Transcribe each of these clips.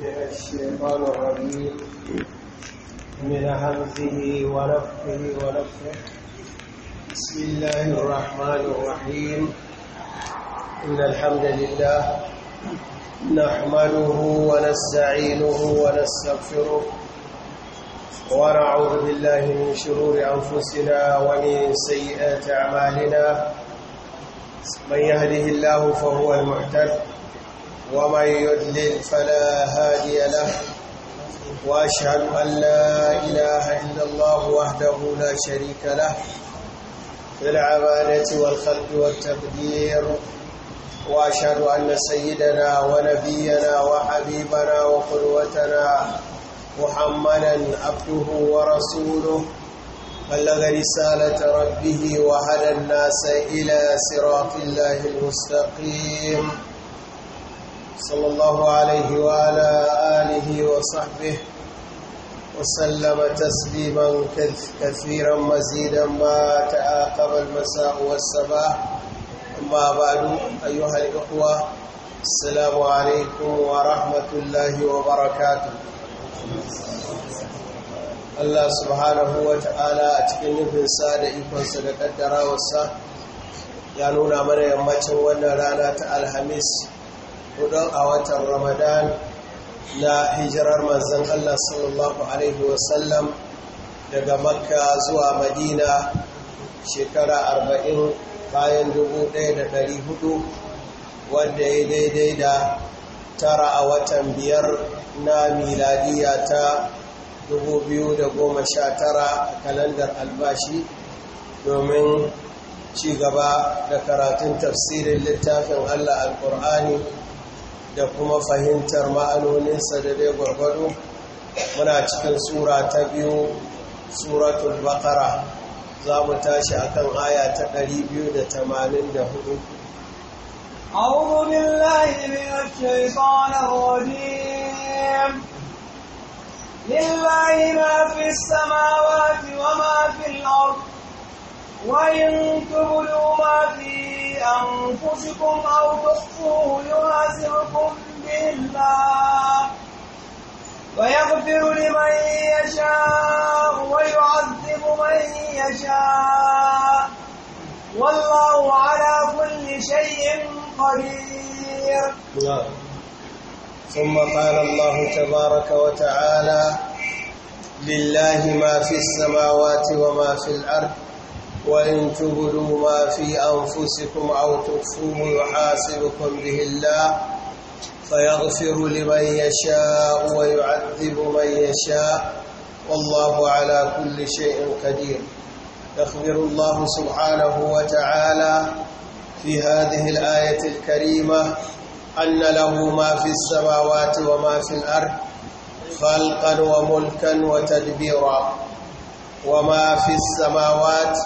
من الشيطان الرجيم من همزه ونفخه ونفخه بسم الله الرحمن الرحيم إن الحمد لله نحمده ونستعينه ونستغفره ونعوذ بالله من شرور أنفسنا ومن سيئات أعمالنا من يهده الله فهو المعتد ومن يدلل فلا هادي له وأشهد أن لا إله إلا الله وحده لا شريك له في العبادة والخلق والتقدير وأشهد أن سيدنا ونبينا وحبيبنا وقدوتنا محمدا عبده ورسوله بلغ رسالة ربه وهدى الناس إلى صراط الله المستقيم صلى الله عليه وعلى آله وصحبه وسلم تسليما كثيرا مزيدا ما تعاقب المساء والصباح أما بعد أيها الإخوة السلام عليكم ورحمة الله وبركاته Allah subhanahu wa ta'ala a cikin nufinsa da ikonsa da ƙaddarawarsa ya nuna mana yammacin wannan rana ta Alhamis hudun a watan ramadan na hijirar manzan Allah sallallahu Alaihi wasallam daga makka zuwa madina shekara 40 bayan dubu wadda da ɗari ya daidai da tara a watan biyar na miladiya ta 2019 a kalandar albashi domin ci gaba da karatun tafsirin littafin Allah al-Qur'ani da kuma fahimtar ma'anoninsa da dai gwargwado muna cikin sura ta biyu suratul bakara za mu tashi akan aya ta 284 أعوذ بالله من الشيطان الرجيم لله ما في السماوات وما في الأرض وإن تبدوا ما في بأنفسكم أو تخفوه يحاسبكم به الله ويغفر لمن يشاء ويعذب من يشاء والله على كل شيء قدير ثم قال الله تبارك وتعالى لله ما في السماوات وما في الأرض وإن تبدوا ما في أنفسكم أو تخفوه يحاسبكم به الله فيغفر لمن يشاء ويعذب من يشاء والله على كل شيء قدير يخبر الله سبحانه وتعالى في هذه الآية الكريمة أن له ما في السماوات وما في الأرض خلقا وملكا وتدبيرا وما في السماوات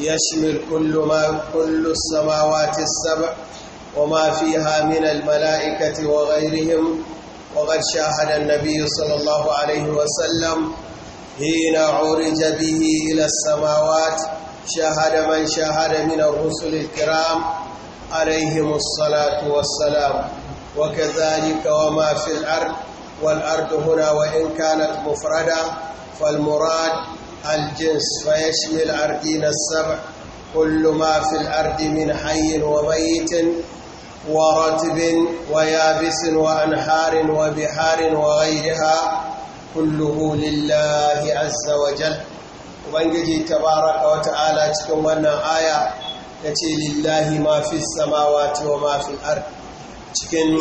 يشمل كل ما كل السماوات السبع وما فيها من الملائكة وغيرهم وقد شاهد النبي صلى الله عليه وسلم حين عرج به إلى السماوات شاهد من شاهد من الرسل الكرام عليهم الصلاة والسلام وكذلك وما في الأرض والأرض هنا وإن كانت مفردة فالمراد الجنس فيشمل الأرضين السبع كل ما في الأرض من حي وميت ورتب ويابس وأنهار وبحار وغيرها كله لله عز وجل ubangiji tabaraka wa ta'ala cikin wannan aya ya ce lillahi mafi samawati wa ma fi cikin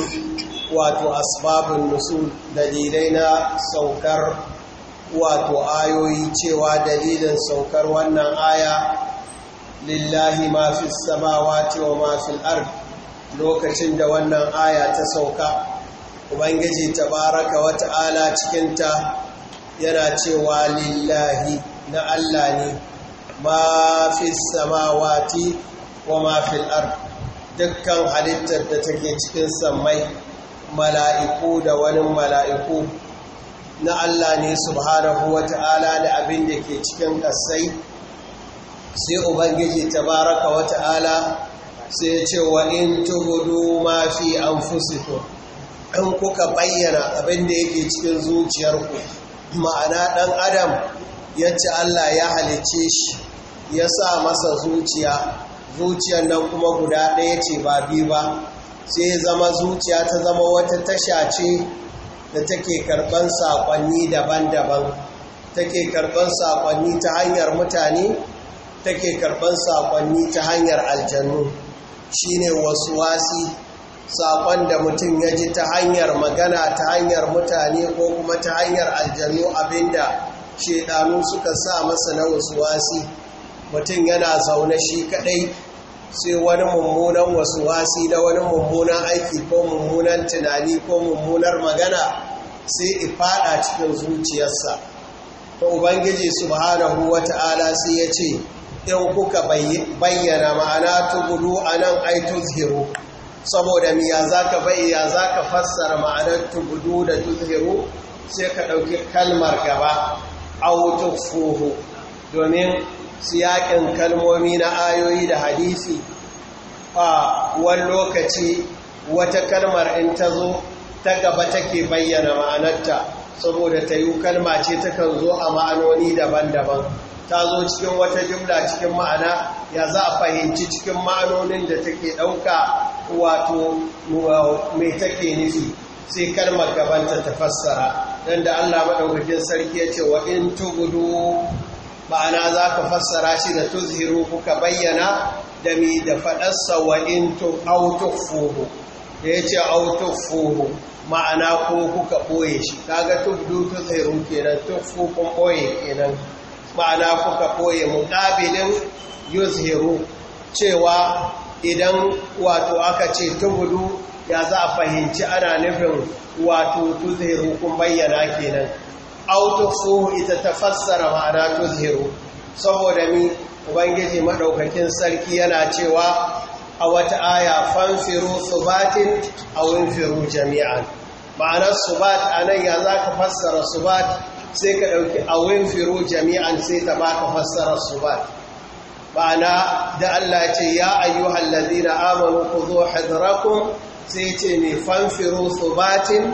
wato asbabun nusul dalilai na saukar wato ayoyi cewa dalilin saukar wannan aya lillahi ma fi samawati wa ma fil lokacin da wannan aya ta sauka ubangiji tabaraka wa ta'ala cikin ta yana cewa lillahi na Allah ne ma fi samawati wa ma fil ard dukkan halittar da take cikin sammai mala'iku da wani mala'iku na Allah ne subhanahu wa ta'ala da abin da ke cikin ƙasai sai ubangiji baraka wa ta'ala sai ya ce wa in tubudu ma fi anfusikum in kuka bayyana abin da yake cikin zuciyarku ma'ana ɗan adam yace Allah ya halice shi ya sa masa zuciya zuciyar nan kuma guda ɗaya ce ba biyu ba sai zama zuciya ta zama wata tasha ce da take karɓar saƙonni daban-daban take karɓar saƙonni ta hanyar mutane take karɓar saƙonni ta hanyar aljannu shine wasu wasi saƙon da mutum ya ji ta hanyar magana ta hanyar mutane ko kuma ta hanyar aljanu abinda shedanu suka sa masa na wasu wasi mutum yana zaune shi kaɗai sai wani mummunan wasi, da wani mummunan aiki ko mummunan tunani ko mummunar magana sai ifada cikin zuciyarsa ta ubangiji subhanahu wata'ala sai ya ce in kuka bayyana ma'ana tubudu nan nan tuzhiru saboda miya ya zaka bayyana ka fassara ma'anar tubudu da tuzhiru sai ka ɗauki kalmar gaba au domin siyaƙin kalmomi na ayoyi da hadisi a wani lokaci wata kalmar in ta zo ta gaba take bayyana ma'anarta saboda ta yi kalma ce takan zo a ma'anoni daban-daban ta zo cikin wata jumla cikin ma'ana ya za a fahimci cikin ma'anonin da take ɗauka wato mai take nufi sai kalmar gabanta ta fassara don da allah maɗaukakin sarki ya ce wa in tubudu ma'ana za ka fassara shi da tuzhiru kuka bayyana da mi da faɗarsa wa in autofuhu da ya ce autofuhu ma'ana ko kuka ɓoye shi kaga tubdu tuzhiru kenan tufu kun ɓoye kenan ma'ana kuka ɓoye mu muƙabilin yuzhiru cewa idan wato aka ce tubdu ya za a fahimci ana nufin wato tuzhiru kun bayyana kenan autofu ita ta fassara ma'ana tuzhiru saboda mi ubangiji madaukakin sarki yana cewa a wata aya fanfiru subatin a winfiru jami'an ma'anar subat a nan ya za ka fassara subat sai ka ɗauki a winfiru jami'an sai ta ba ka fassara subat ma'ana da Allah ce ya ayyuhal ladina amanu zo hadrakum sai ce ne fanfiru subatin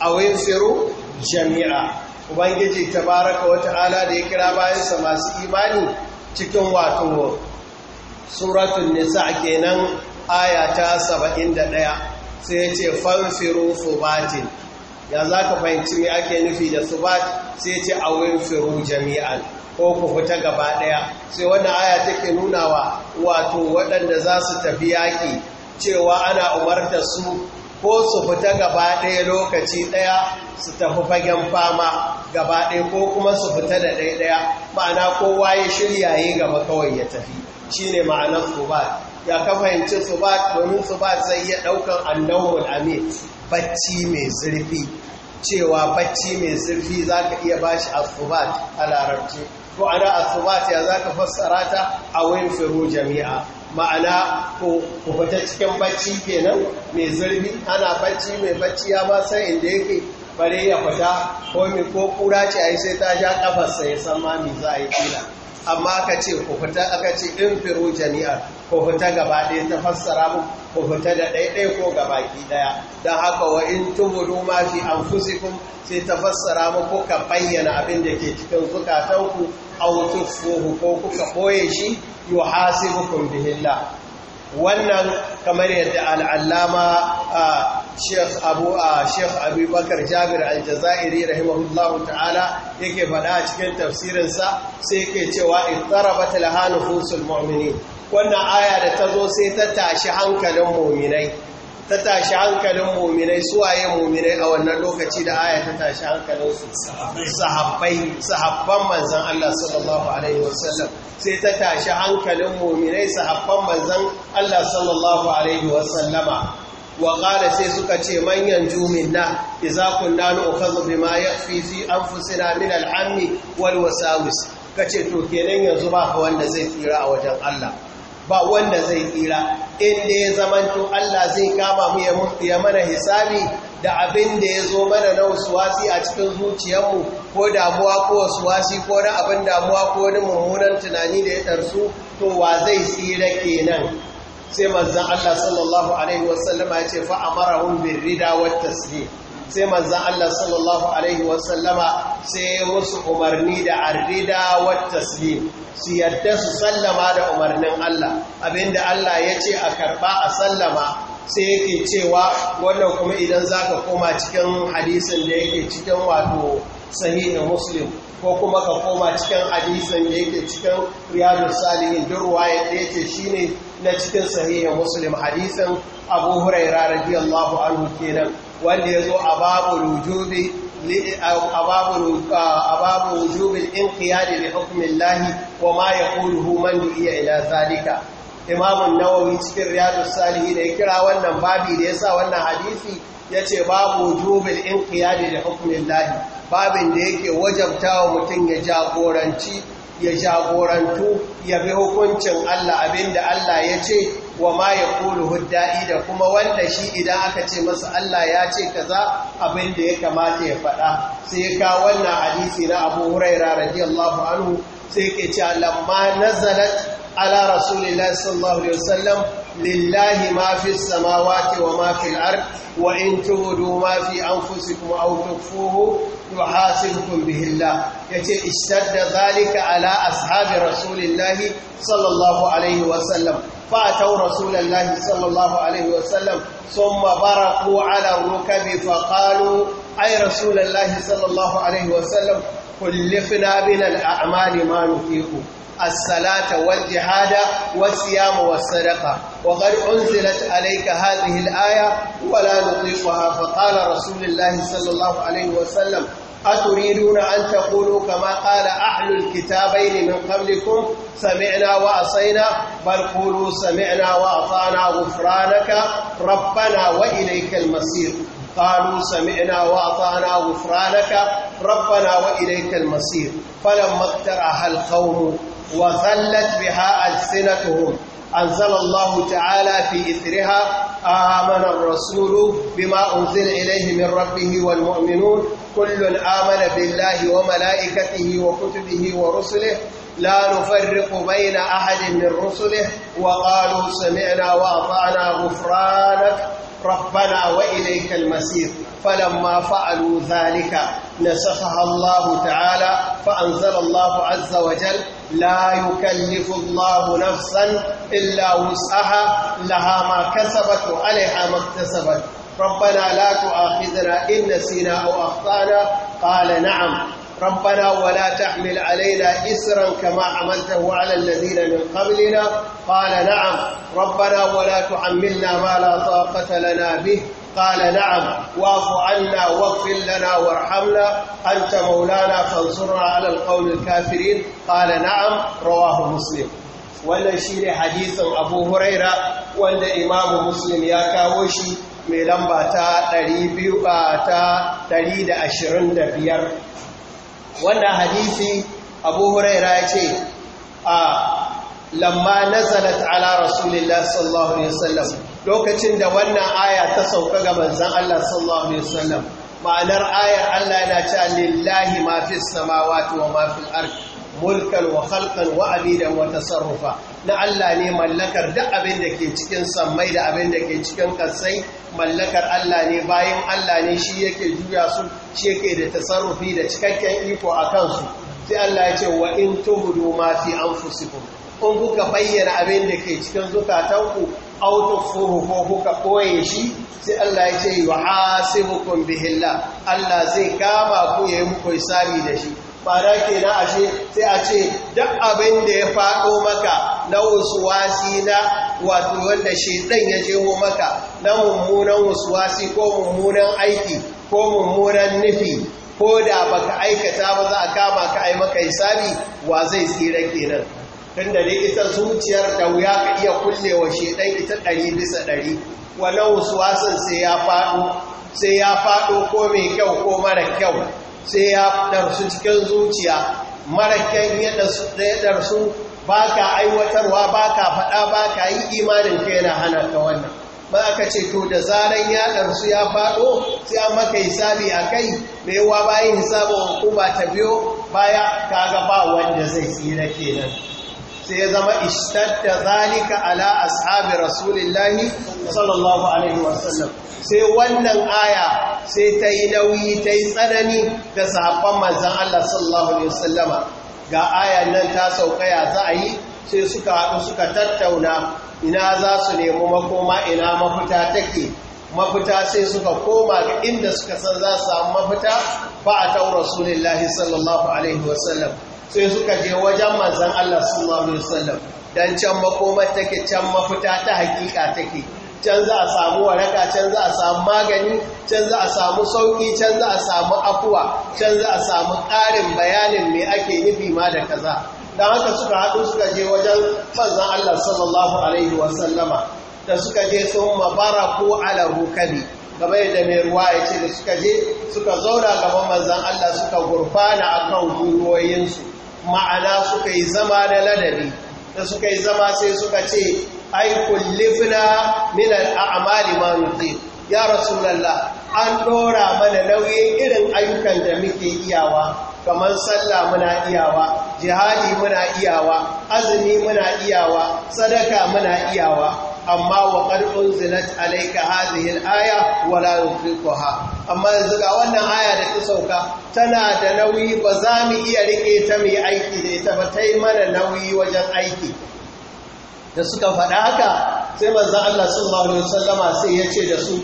a winfiru jami'a ubangiji baraka wata ala da ya kira bayansa masu imani cikin wato suratun nisa kenan aya ta 71 sai ya ce fanfiru subatin ya za ka fahimci me ake nufi da subat sai ce a winfiru jami'an ko ku fita gaba ɗaya sai wannan aya take wa? wato waɗanda za su tafi yaƙi cewa ana umarta su ko su fita gaba ɗaya lokaci ɗaya su tafi fagen fama gaba ɗaya ko kuma su fita da ɗaya ɗaya ma'ana kowa ya shirya yi gaba kawai ya tafi shi ne ma'anar subat ya ka fahimci subat domin subat zai iya ɗaukan annawar amin bacci mai zurfi cewa bacci mai zurfi za ka iya bashi asubat a larabci ko ana asubat ya za ka fassara ta a wurin firu jami'a ma'ana ko fita cikin bacci kenan mai zurbi ana bacci mai bacci ya ba san inda yake bare ya fita ko mai ko kura ce ai sai ta ja kafarsa ya san ma mai za a yi kila amma aka ce ku aka ce in firu jami'ar ku fita gaba ɗaya ta fassara mu ku fita da ɗaiɗai ko ki ɗaya don haka wa in tubudu ma fi fusikun sai ta fassara mu ko ka bayyana abin da ke cikin zukatanku autun fuhu ko kuka ɓoye shi yi wa hasibukun bihillah wannan kamar yadda al'allama Sheikh Abu Sheikh abubakar Bakar Jabir al rahimahullahu ta'ala yake faɗa a cikin tafsirinsa sai ke cewa ittarabat laha nufusul mu'minin wannan aya da ta zo sai ta tashi hankalin mu'minai ta tashi hankalin muminai suwaye muminai a wannan lokaci da aya ta tashi hankalin su sahabban manzan Allah sallallahu alaihi wasallam sai ta tashi hankalin muminai sahabban manzan Allah sallallahu alaihi wasallama wa qala sai suka ce manyan jumin man yanju minna o kunna nu'khadhu ma ya fi an fusina min al'ammi wani wal wasawis kace to kenan yanzu ba wanda zai fira a wajen Allah ba wanda zai tsira inda ya zamanto Allah zai kama mu ya mana hisabi da abin da ya zo mana na wasuwasi a cikin zuciyarmu ko damuwa ko wasuwasi ko na abin damuwa ko wani mummunan tunani da ya tarsu to wa zai tsira kenan sai manzon Allah sallallahu alaihi wasallama ya ce fa amarahum birrida wat taslim sai manzan Allah sallallahu Alaihi wasallama sai musu umarni da arrida wa taslim su yadda su sallama da umarnin Allah abinda Allah ya ce a karba a sallama sai yake cewa wannan kuma idan za ka koma cikin hadisin da yake cikin wato sahihin muslim ko kuma ka koma cikin hadisin da yake cikin riyadun salihin durwa ya ce shi ne na cikin sahihin muslim hadisin abu huraira radiyallahu anhu kenan wanda ya zo a babu rujubi a babu rujubin in kiyadi da hukumin wa ma ya man du'iya ila zalika imamun nawawi cikin riyadu salihi da ya kira wannan babi da ya sa wannan hadisi ya ce babu rujubin in kiyadi da hukumin babin da yake wajabta wa mutum ya jagoranci ya jagorantu ya bi hukuncin Allah abinda Allah ya ce wa ma ya kulu hudda'i da kuma wanda shi idan aka ce masa Allah ya ce kaza abin da ya kamata ya faɗa sai ka wannan hadisi na Abu Huraira radiyallahu anhu sai ke ce lamma nazalat ala rasulillahi sallallahu alaihi wasallam lillahi ma fi samawati wa ma fi al-ard wa in tudu ma fi anfusikum aw tukhfuhu yuhasibukum bihi Allah yace istadda zalika ala ashabi rasulillahi sallallahu alaihi wasallam فأتوا رسول الله صلى الله عليه وسلم ثم برقوا على الركب فقالوا أي رسول الله صلى الله عليه وسلم كلفنا من الأعمال ما نطيق الصلاة والجهاد والصيام والصدقة وقد أنزلت عليك هذه الآية ولا نطيقها فقال رسول الله صلى الله عليه وسلم أتريدون أن تقولوا كما قال أهل الكتابين من قبلكم سمعنا وأصينا بل قولوا سمعنا وأطعنا غفرانك ربنا وإليك المصير قالوا سمعنا وأطعنا غفرانك ربنا وإليك المصير فلما اقترح القوم وثلت بها ألسنتهم أنزل الله تعالى في إثرها آمن الرسول بما أنزل إليه من ربه والمؤمنون كل آمن بالله وملائكته وكتبه ورسله لا نفرق بين أحد من رسله وقالوا سمعنا وأطعنا غفرانك ربنا وإليك المسير فلما فعلوا ذلك نسخها الله تعالى فأنزل الله عز وجل لا يكلف الله نفسا إلا وسعها لها ما كسبت وعليها ما اكتسبت ربنا لا تؤاخذنا إن نسينا أو أخطأنا قال نعم ربنا ولا تحمل علينا إسرا كما عملته على الذين من قبلنا قال نعم ربنا ولا تعملنا ما لا طاقة لنا به قال نعم واعف عنا واغفر لنا وارحمنا أنت مولانا فانصرنا على القوم الكافرين قال نعم رواه مسلم wannan shi ne hadisin abu huraira wanda imamu muslim ya kawo shi mai lamba ta 225 wannan hadisi abu huraira ya ce a lamma nazalat ala rasulillah sallallahu alaihi wasallam lokacin da wannan aya ta sauka ga manzon Allah sallallahu alaihi wasallam ma'anar ayar Allah yana cewa lillahi ma fis samawati wa ma fil ardi mulkan wa halkan wa abidan wa tasarrufa na Allah ne mallakar duk abin da ke cikin sammai da abin da ke cikin kasai mallakar Allah ne bayan Allah ne shi yake juya su shi yake da tasarrufi da cikakken iko a kansu sai Allah ya ce wa in tubudu ma fi anfusikum in kuka bayyana abin da ke cikin zukatanku aw tukhfuhu ko kuka koye shi sai Allah ya ce wa hasibukum bihillah Allah zai kama ku yayi muku isari da shi fara ke na ashe sai a ce duk abin da ya faɗo maka na wasuwasi na wato wanda shaidan ya jeho maka na mummunan wasuwasi ko mummunan aiki ko mummunan nufi ko da baka aikata ba za a kama ka ai maka hisabi wa zai tsira kenan tunda ne ita zuciyar da wuya ka iya kulle kullewa shaidan ita ɗari bisa ɗari wannan wasuwasin sai ya faɗo sai ya faɗo ko mai kyau ko mara kyau sai ya ɗarsu cikin zuciya su ɗaya ɗarsu ba ka aiwatarwa ba ka faɗa ba ka yi imanin ka yana hana ta wannan ba aka ce to da zaren ya ɗarsu ya faɗo sai an maka hisabi a kai maiwa yawa bayan hisabin hukuma ta biyo baya ka ga ba wanda zai tsira kenan sai ya zama da zalika ala ashabi rasulillahi sallallahu alaihi wasallam sai wannan aya sai ta yi nauyi ta yi tsanani da sahabban manzan Allah sallallahu Alaihi wasallama ga ayan nan ta saukaya za a yi sai suka haɗu suka tattauna ina za su nemi makoma ina mafita take mafita sai suka koma ga inda suka san za su samu mafita ba a taura rasulillahi sallallahu alaihi wasallam sai suka je wajen manzan Allah sallallahu alaihi wasallam dan can makomar take can mafita ta hakika take can za a samu waraka can za a samu magani can za a samu sauki can za a samu afuwa can za a samu ƙarin bayanin mai ake nufi ma da kaza don haka suka haɗu suka je wajen manzan Allah sallallahu alaihi wasallama da suka je sun mabara ko alahu kabi game da mai ruwa ya ce da suka je suka zauna gaban manzan Allah suka gurfana kan gurgoyinsu ma'ana suka yi zama da ladabi da suka yi zama sai suka ce ai kullifina min al'amali ma nuzi ya rasulullah an dora mana nauyin irin ayyukan da muke iyawa kamar sallah muna iyawa jihadi muna iyawa azumi muna iyawa sadaka muna iyawa amma wa unzilat alayka hadhihi alaya wa wala yufrikuha amma yanzu ga wannan aya da ta sauka tana da nauyi ba za mu iya rike ta mai aiki da ita ba ta mana nauyi wajen aiki da suka faɗa haka sai manzan Allah sallallahu alaihi wasallama sai ya ce da su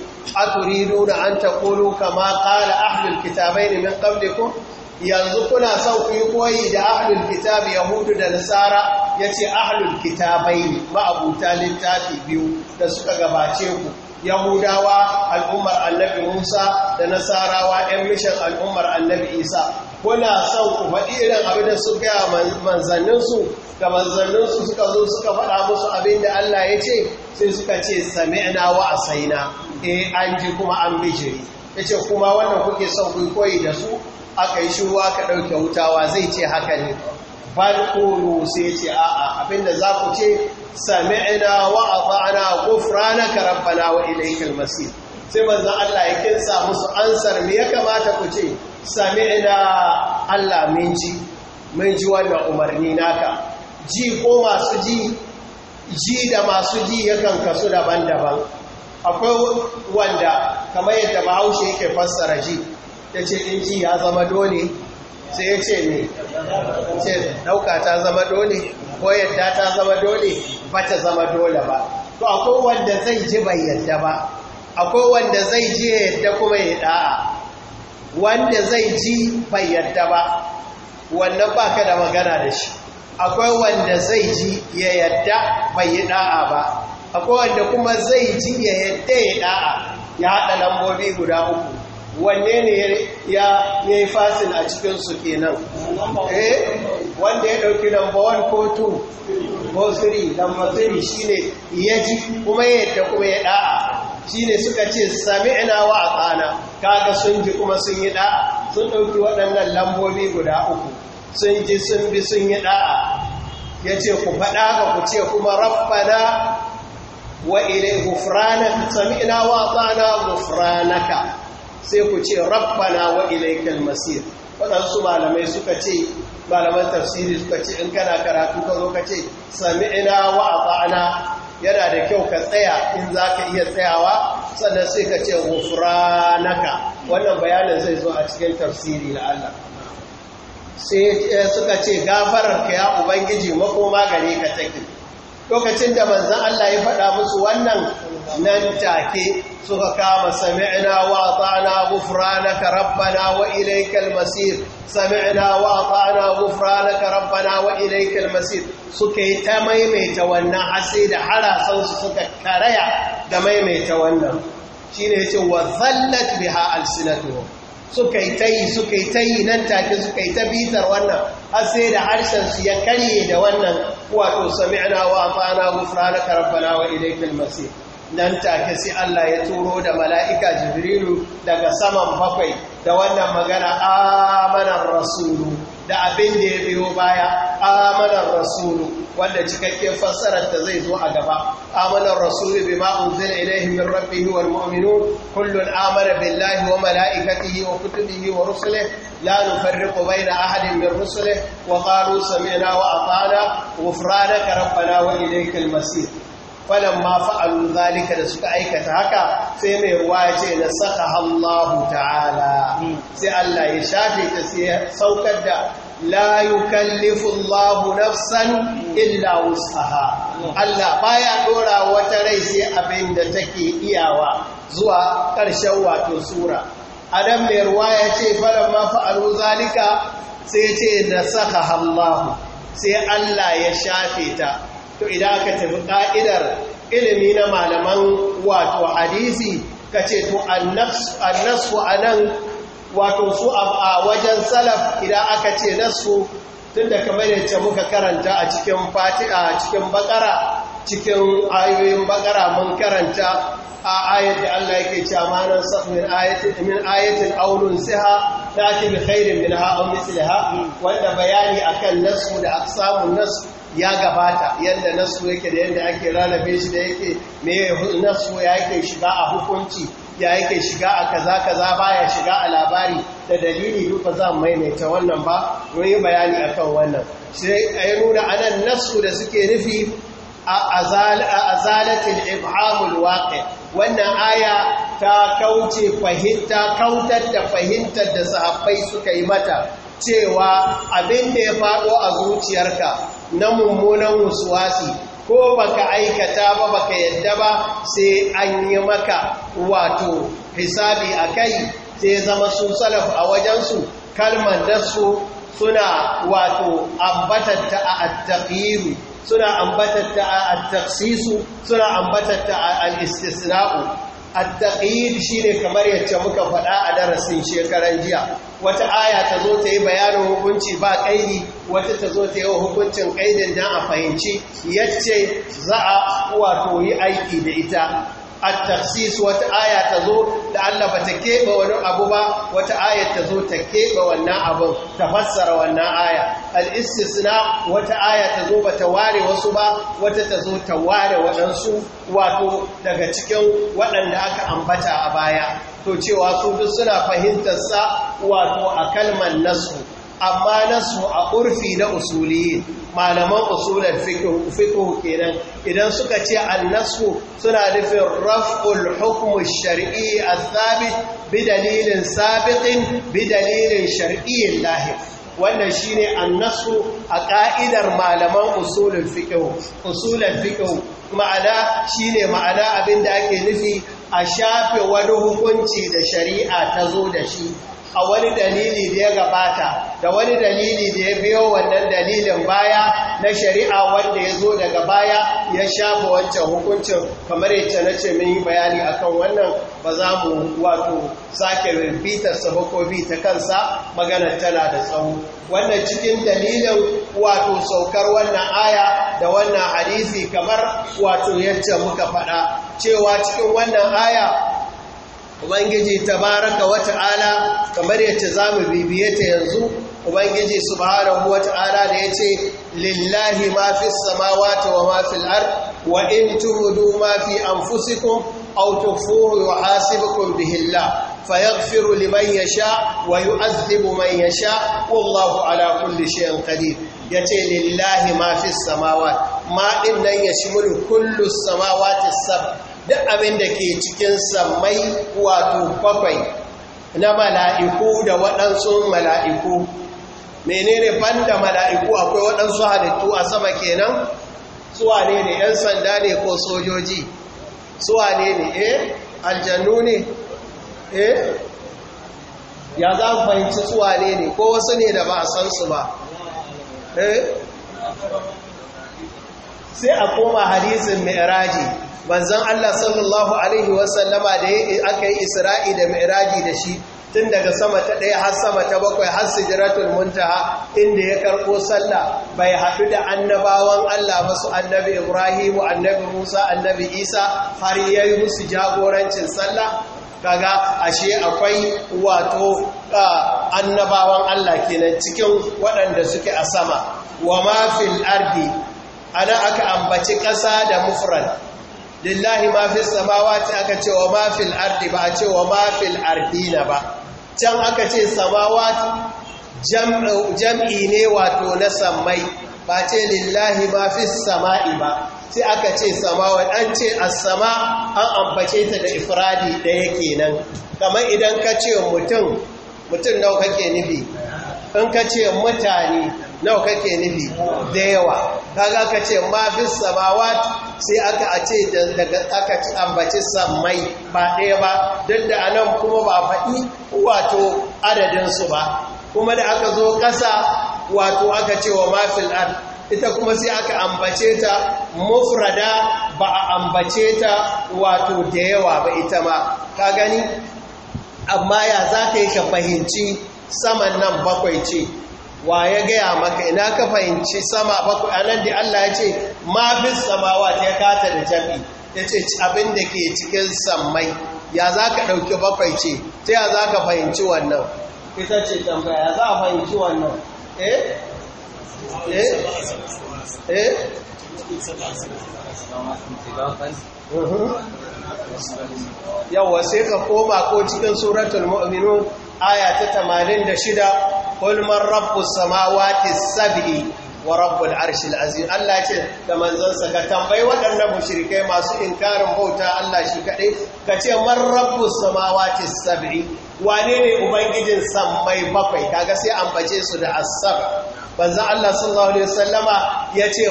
aturiduna an taqulu kama qala ahlul kitabaini min ku yanzu kuna son ku yi koyi da ahlul kitab yahudu da nasara yace ahlul ne ma'abuta littafi biyu da suka gabace ku yahudawa al'ummar annabi Musa da nasarawa 'yan mishan al'ummar annabi Isa kuna son ku faɗi irin abin da suka yi manzanninsu da manzanninsu suka zo suka faɗa musu abin da Allah ya ce sai suka ce na wa na? eh an ji kuma an bijiri ya ce kuma wannan kuke son ku koyi da su aka yi shuwa ka ɗauke wutawa zai ce haka ne bal sai ce a'a abin da za ku ce na wa ata'na ka rabbana wa ilaikin masir sai manzon Allah ya kinsa musu ansar me ya kamata ku ce ina Allah min ji mun ji wannan umarni naka ji ko masu ji ji da masu ji yakan kasu daban-daban akwai wanda kamar yadda bahaushe yake fassara ji ya ce in ji ya zama dole sai ya ce ne ce dauka ta zama dole ko yadda ta zama dole ba ta zama dole ba to akwai wanda zai ji bai yadda ba akwai wanda zai ji yadda kuma ya da'a wanda zai ji bai ba wannan ba ka da magana da shi akwai wanda zai ji ya yadda bai yi da'a ba akwai wanda kuma zai ji ya yadda ya da'a ya haɗa lambobi guda uku wanne ne ya yi fasin a cikinsu ke eh wanda ya ɗauki lamba 1 ko 2 ko 3 shi ne ya ji kuma ya yadda kuma ya da'a shi ne suka ce ina wa a tsana kaga sun ji kuma sun yi da'a sun ɗauki waɗannan lambobi guda uku sun ji sun bi sun yi da'a ya ce ku faɗa ga ku ce kuma rabbana wa ile sami sami'na wa ta'ana gufranaka sai ku ce rabbana wa ile kalmasir. waɗansu malamai suka ce malaman tafsiri suka ce in kana karatu ka zo ka ce sami'na wa tsana yana da kyau ka tsaya in za ka iya tsayawa sannan sai ka ce ka wannan bayanin zai zo a cikin tafsiri na Allah sai suka ce gafararka ya ubangiji makoma gare ka take lokacin da manzan Allah ya faɗa musu wannan nan take suka kama sami'na wa ata'na ghufranaka rabbana wa ilaykal masir sami'na wa ata'na ghufranaka rabbana wa ilaykal masir suka yi ta maimaita wannan asai da harasan su suka karaya da maimaita wannan shine yace wa zallat biha alsinatuhum suka yi tayi, yi suka yi ta nan take suka yi ta bitar wannan har sai da harshensu ya karye da wannan wato sami'na wa ata'na ghufranaka rabbana wa ilaykal masir nan take sai Allah ya turo da mala'ika jibrilu daga saman bakwai da wannan magana amanar rasulu da abin da ya biyo baya amanar rasulu wanda cikakken fassarar da zai zo a gaba amanar rasulu bi ma'unzin ilaihi min Rabbi wal mu'aminu, kullun amana billahi wa mala'ikatihi wa kutubihi wa rusulihi la nufarriqu bayna ahadin min rusule, wa qalu sami'na wa ata'na ghufranaka rabbana wa ilaykal masir falan ma fa'alu zalika da suka aikata haka sai mai ruwa ya ce na saka Allahu ta'ala sai Allah ya shafe ta saukar da la yukallifu na nafsan illa wus'aha Allah baya dora wata rai sai abin da take iyawa zuwa ƙarshen wato sura adam mai ruwa ya ce falan ma fa'alu zalika sai ce na saka Allahu sai Allah ya shafe ta to idan aka tafi ƙa'idar ilimi na malaman wato hadisi ka ce to annasu a nan wato su a wajen salaf idan aka ce nasu tun da kamar yace muka karanta a cikin fati'a cikin bakara cikin ayoyin bakara mun karanta a ayat Allah yake cewa amanan safin ayatin min ayatin aulun siha lakin khairin minha aw mislaha wanda bayani akan nasu da aqsamun nasu ya gabata yadda nasu yake da yadda ake lalabe shi da yake me nasu ya yake shiga a hukunci ya yake shiga a kaza kaza baya shiga a labari da dalili duka za mu maimaita wannan ba mun yi bayani akan wannan sai ayi nuna anan nasu da suke nufi a azalatul ibhamul waqi wannan aya ta kauce fahimta kautar da fahimtar da sahabbai suka yi mata cewa abin da ya faɗo a zuciyarka na mummunan wasuwasi ko baka aikata ba baka yadda ba sai an yi maka wato hisabi a kai sai zama sun salaf a wajensu kalmar da su suna wato ambatatta a attaqiru suna ambatatta a attaqsisu suna ambatatta a al-istisna'u at shine kamar yacce muka faɗa a darasin shekaran jiya wata aya ta zo ta yi bayanin hukunci ba kaidi wata ta zo ta yi hukuncin kaidin dan a fahimci yacce za a wato yi aiki da ita at-takhsis wata aya ta zo da Allah ba ta keɓe wani abu ba wata aya ta zo ta keɓe wannan abin ta fassara wannan aya al-istisna wata aya ta zo ba ta ware wasu ba wata ta zo ta ware waɗansu wato daga cikin waɗanda aka ambata a baya to cewa su duk suna fahimtar sa wato a kalmar nasu amma nasu a urfi na usuliyin malaman usulul fiqh kenan idan suka ce annasu suna nufin raf'ul hukm shari ath-thabit bi dalilin sabiqin bi dalilin shar'iyyin lahir wannan shine annasu a ka'idar malaman usulul fiqh usulul fiqh ma'ana shine ma'ana abinda ake nufi a shafe wani hukunci da shari'a ta zo da shi a wani dalili da ya gabata da wani dalili da ya biyo wannan dalilin baya na shari'a wanda ya zo daga baya ya shafa wancan hukuncin kamar yadda na ce mun yi bayani akan wannan ba za mu wato sake bitarsa ba ko ta kansa maganar tana da tsawo wannan cikin dalilin wato saukar wannan aya da wannan hadisi kamar wato yadda muka faɗa cewa cikin wannan aya ubangiji tabaraka wa ta'ala kamar yace zamu bibiye ta yanzu ubangiji subhanahu wa ta'ala da yace lillahi ma samawa ta wa ma fil wa in tubdu ma fi anfusikum aw tukhfuhu yuhasibukum bihilla Allah fayaghfiru liman yasha wa yu'adhibu man sha, Allahu ala kulli shay'in qadir yace lillahi ma fis samawati ma din nan yashmulu kullu samawati sab duk abin da ke cikin sammai wato bakwai na mala'iku da waɗansu mala'iku menene da mala'iku akwai waɗansu halittu a sama kenan suwa ne ne ‘yan sanda ne ko sojoji suwa ne ne eh, e aljannu ne e ya za mu fahimci suwa ne ne ko wasu ne da ba a san su ba e sai a koma hadisin mai raji manzon Allah sallallahu alaihi wasallama da aka yi Isra'i da Mi'raji da shi tun daga sama ta ɗaya har sama ta bakwai har jiratun muntaha inda ya karɓo sallah bai haɗu da annabawan Allah masu annabi Ibrahimu annabi Musa annabi Isa har yi musu jagorancin sallah kaga ashe akwai wato annabawan Allah kenan cikin waɗanda suke a sama wa ma fil ardi ana aka ambaci ƙasa da mufrad lillahi ma fi samawati aka ce wa ma fil ardi ba a ce wa ma fil na ba can aka ce samawati jam'i ne wato na sammai ba ce lillahi ma fi sama'i ba sai aka ce samawati an ce as-sama an ambace ta da ifradi da yake nan. kamar idan ka ce mutum mutum nau kake nufi in ka ce mutane nawa kake nufi da yawa kaga aka ce ma fi samawat sai aka a ce daga aka ci ambaci samai ba ɗaya ba don da a nan kuma ba faɗi wato adadinsu ba kuma da aka zo ƙasa wato aka ce wa mafil an ita kuma sai aka ambace ta mufrada ba a ambace ta wato da yawa ba ita ma ka gani amma ya za ka yi ka fahimci saman nan bakwai ce wa ya gaya maka ina ka fahimci sama ba ku nan da Allah ya ce ma fi samawa ta kata da jami ya ce abin da ke cikin sammai ya za ka ɗauki bakwai ce ta ya za ka fahimci wannan ita ce tambaya ya za a fahimci wannan eh eh eh yawwa sai ka koma ko cikin suratul mu'minun aya ta 86 qul man rabbus samawati sab'i wa rabbul arshil azim Allah ce da manzansa ka tambayi waɗannan mushrikai masu inkarin bauta Allah shi kadai ka ce man rabbus samawati sab'i wane ne ubangijin sammai bakwai kaga sai ambace su da asab banzan Allah sallallahu Alaihi wasallama ya ce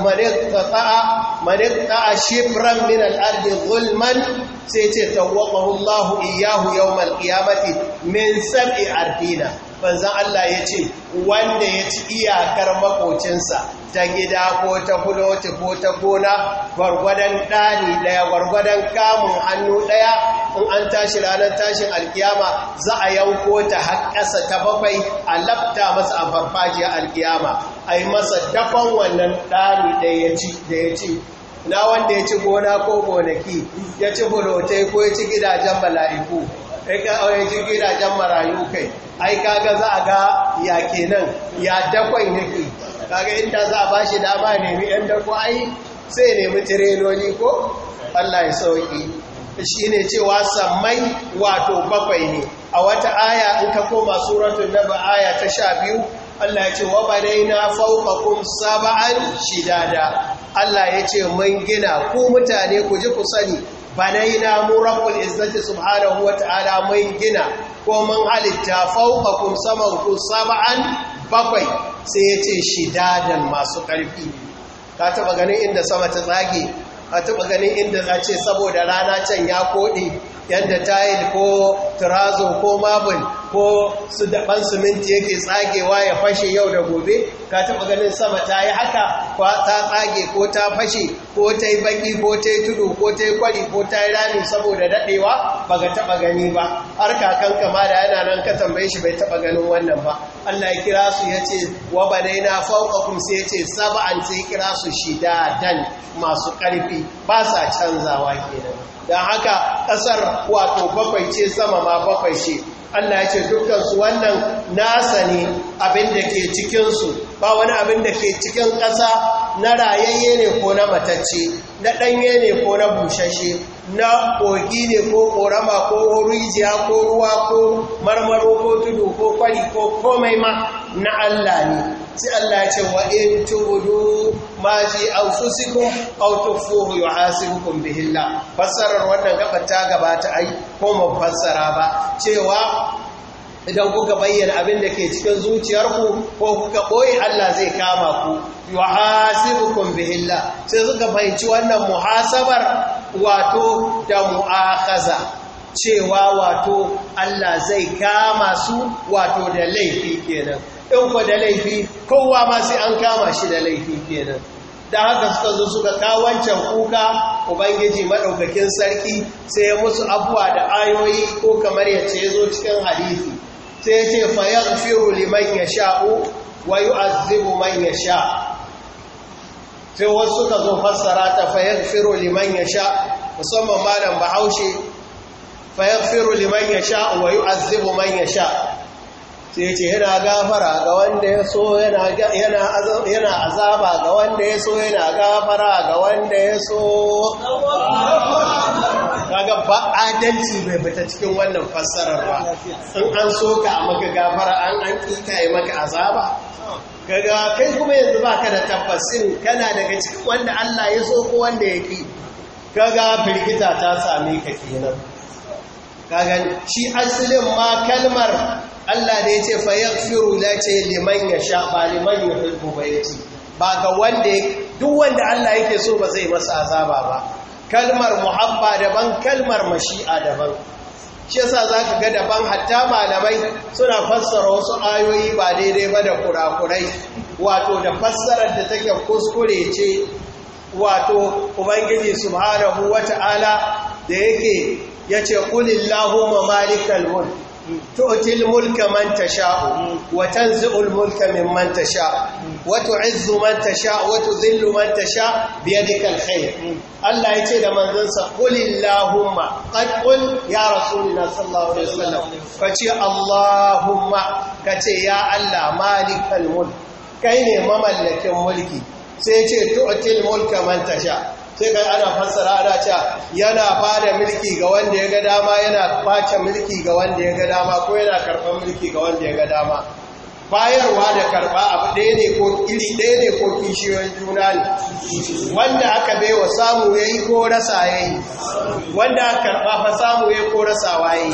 marikta a shifran min al'ardi gulman sai ce tawakahullahu iyahu yau mal'iyamati min sab'i arfina. manzan Allah ya ce wanda ya ci iyakar makocinsa ta gida ko ta kuloti ko ta gona gwargwadon ɗani ɗaya gwargwadon kamun hannu ɗaya in an tashi ranar tashin alkiyama za a yanko ta ƙasa ta bakwai a lafta masa a farfajiyar alkiyama a yi masa dafan wannan ɗani da ya ci na wanda ya ci gona ko gonaki ya ci bulotai ko ya ci gidajen mala'iku kai ka aurancin gidajen marayu kai ai kaga za a ga ya kenan ya dakwai nake kaga inda za a ba shi dama nemi yan dako ai sai nemi tireloli ko Allah ya sauki shi ne cewa samai wato bakwai ne a wata aya in ka koma suratun naba aya ta sha biyu Allah ya ce wa fauka fawqakum sab'an shidada Allah ya ce mun gina ku mutane ku ji ku sani banaina mu rabbul izzati subhanahu wata'ala mun gina ko mun halitta fawqakum samanku sab'an bakwai sai yace shidadan masu karfi ka taba ganin inda sama ta zage ka taba ganin inda za saboda rana can ya kode yanda tayil ko turazo ko marble ko su daban siminti yake tsagewa ya fashe yau da gobe ka taɓa ganin sama ta yi haka ko ta tsage ko ta fashe ko ta yi baki ko ta yi tudu ko ta yi kwari ko ta yi rami saboda daɗewa ba ga taɓa gani ba har kakan kama da yana nan ka tambaye shi bai taɓa ganin wannan ba Allah ya kira su ya ce wa dai na fauka kun sai ya ce an sai kira su dan masu ƙarfi ba sa canzawa kenan don haka ƙasar wato bakwai ce sama ma bakwai ce Allah ya ce dukkansu wannan nasa ne abin da ke cikinsu ba wani abin da ke cikin ƙasa na rayayye ne ko na matacce na ɗanye ne ko na bushashe na kogi ne ko ƙorama ko rijiya ko ruwa ko marmaro ko tudu ko kwari ko komai ma na Allah ne sai Allah ya ce wa in tubudu ma fi anfusikum aw tufuhu yuhasibukum Allah fassarar wannan gaba ta gabata ai ko mun fassara ba cewa idan kuka bayyana abin da ke cikin zuciyarku ko kuka ɓoye Allah zai kama ku yuhasibukum Allah sai suka fahimci wannan muhasabar wato da mu'akaza cewa wato Allah zai kama su wato da laifi kenan in ko da laifi kowa ma sai an kama shi da laifi kenan da haka suka zo suka kawancan kuka ubangiji maɗaukakin sarki sai ya musu abuwa da ayoyi ko kamar yace ya zo cikin hadisi sai ya ce fayar liman ya sha'u wa yi man ya sha sai wasu suka zo fassara ta fayar firu liman ya sha musamman malam bahaushe fayaghfiru liman sha, wa yi azibu man sha sai ce yana gafara ga wanda ya so yana azaba ga wanda ya so yana gafara ga wanda ya so kaga ba adalci bai fita cikin wannan fassarar ba in an so ka maka gafara an an kika yi maka azaba gaga kai kuma yanzu ba ka da tabbasin kana daga cikin wanda Allah ya so ko wanda ya ki gaga firgita ta same ka kenan kagan shi asalin ma kalmar Allah da ya ce fa firu la ce liman ya sha, ba liman ya yuhibbu ba ya ce. ba ga wanda duk wanda Allah yake so ba zai masa azaba ba kalmar muhabba daban kalmar mashi'a daban shi yasa ka ga daban hatta malamai suna fassara wasu ayoyi ba daidai ba da kurakurai wato da fassarar da take kuskure ce wato ubangiji subhanahu wata'ala da yake ya ce ƙulillahumma malikal mulk tu'til mulka man tasha'u wa tanzi'ul mulka mimman tasha'u wa tu'izzu man tasha'u wa tudhillu man tasha'u bi yadikal khair Allah ya ce da manzansa ƙulillahumma qad qul ya rasulina sallallahu alaihi wasallam kace Allahumma kace ya Allah malikal mulk kai ne mamallakin mulki sai ya ce tu'til mulka man tasha'u sai kai ana fassara ana cewa yana bada mulki ga wanda ya ga dama yana kwace mulki ga wanda ya ga dama ko yana karban mulki ga wanda ya ga dama bayarwa da karba abu ɗaya ne ko iri ɗaya ne ko kishiyoyin juna ne wanda aka bai wa samu ya yi ko rasa ya yi wanda aka karba fa samu ya ko rasawa ya yi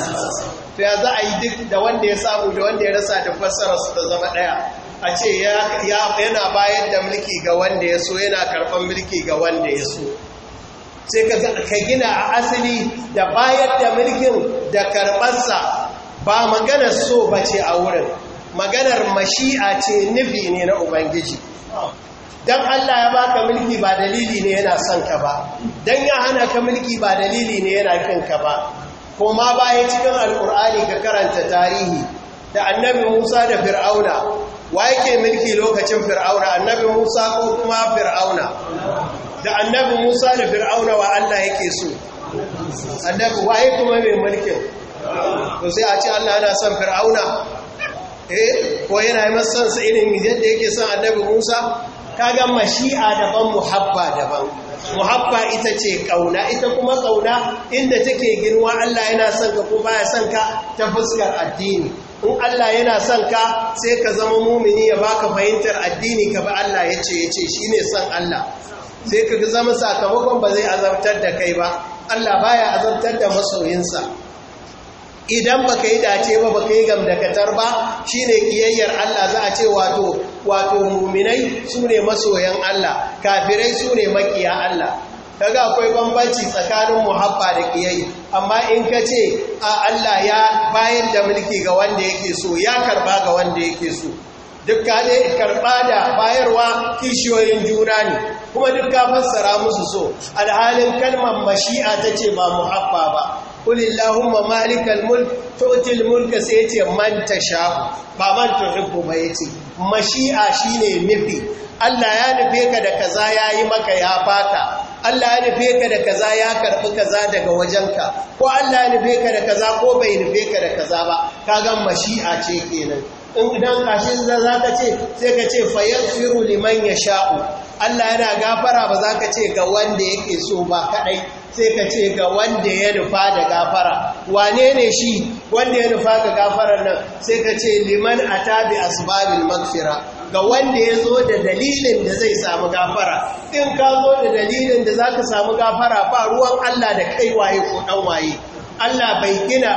to ya za a yi duk da wanda ya samu da wanda ya rasa da fassararsu ta zama ɗaya a ce yana bayar da mulki ga wanda ya so yana karfan mulki ga wanda ya so sai ka gina a asali da bayar da mulkin da karɓarsa ba maganar so ba ce a wurin maganar mashi'a ce nufi ne na ubangiji don Allah ya baka mulki ba dalili ne yana son ka ba don ya hana ka mulki ba dalili ne yana kin ka ba kuma baya cikin alkur'ani ka karanta tarihi da annabi Musa da Fir'auna wa yake mulki lokacin fir'auna annabi musa ko kuma fir'auna da annabi musa da fir'auna wa allah yake so annabi yake kuma mai mulkin to sai a ce allah yana son fir'auna eh ko yana yi masa son irin yadda yake son annabi musa kaga mashi'a daban muhabba daban muhabba ita ce kauna ita kuma kauna inda take girma allah yana son ka ko baya son ka ta fuskar addini in Allah yana son ka sai ka zama mumini ya baka fahimtar addini ka ba Allah ya ce ya ce shi ne son Allah sai ka zama sakamakon ba zai azabtar da kai ba Allah ba ya azabtar da masoyinsa idan baka yi dace ba ka yi gamdakatar ba shi ne kiyayyar Allah za a ce wato wato mu'minai sune masoyan Allah kafirai sune makiya Allah Daga akwai bambanci tsakanin muhabba da kiyayi amma in ka ce a Allah ya bayan da mulki ga wanda yake so ya karba ga wanda yake so dukka ne karba da bayarwa kishiyoyin juna ne kuma dukka fassara musu so alhalin kalmar mashi'a ta ce ba muhabba ba kulillahumma malikal mulk tu'til mulka sai ce man tasha ba man tuhibbu ba yace mashi'a shine nufi Allah ya nufe ka da kaza yayi maka ya baka Allah ya nufe ka da kaza ya karɓi kaza daga wajenka ko Allah ya nufe ka da kaza ko bai nufe ka da kaza ba Ka kaga mashi'a ce kenan in idan kashin za ka ce sai ka ce firu, liman sha'u. Allah yana gafara ba za ka ce ga wanda yake so ba kaɗai? sai ka ce ga wanda ya nufa da gafara wane ne shi wanda ya nufa ga gafarar nan sai ka ce liman tabi asbabil makfira. ga wanda ya zo da dalilin da zai samu gafara in ka zo da dalilin da za ka samu gafara ba ruwan Allah da kai waye ko ɗan waye Allah bai gina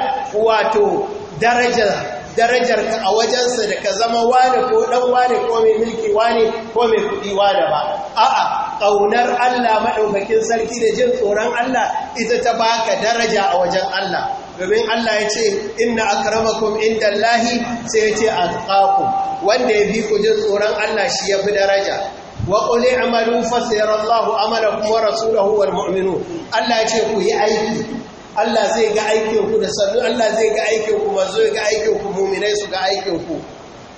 wato darajar ka a wajensa da ka zama wane ko ɗan wane ko mai mulki wane ko mai kuɗi wane ba a'a ƙaunar Allah maɗaukakin sarki da jin tsoron Allah ita ta baka daraja a wajen Allah domin Allah ya ce inna akramakum indallahi sai ya ce a atqakum wanda ya bi ku je tsoron Allah shi ya fi daraja wa qul i'malu Allah amalakum kuma rasuluhu wal muminu. Allah ya ce ku yi aiki Allah zai ga aikin ku da sannu Allah zai ga aikin ku manzo ga aikin ku mu'minai su ga aikin ku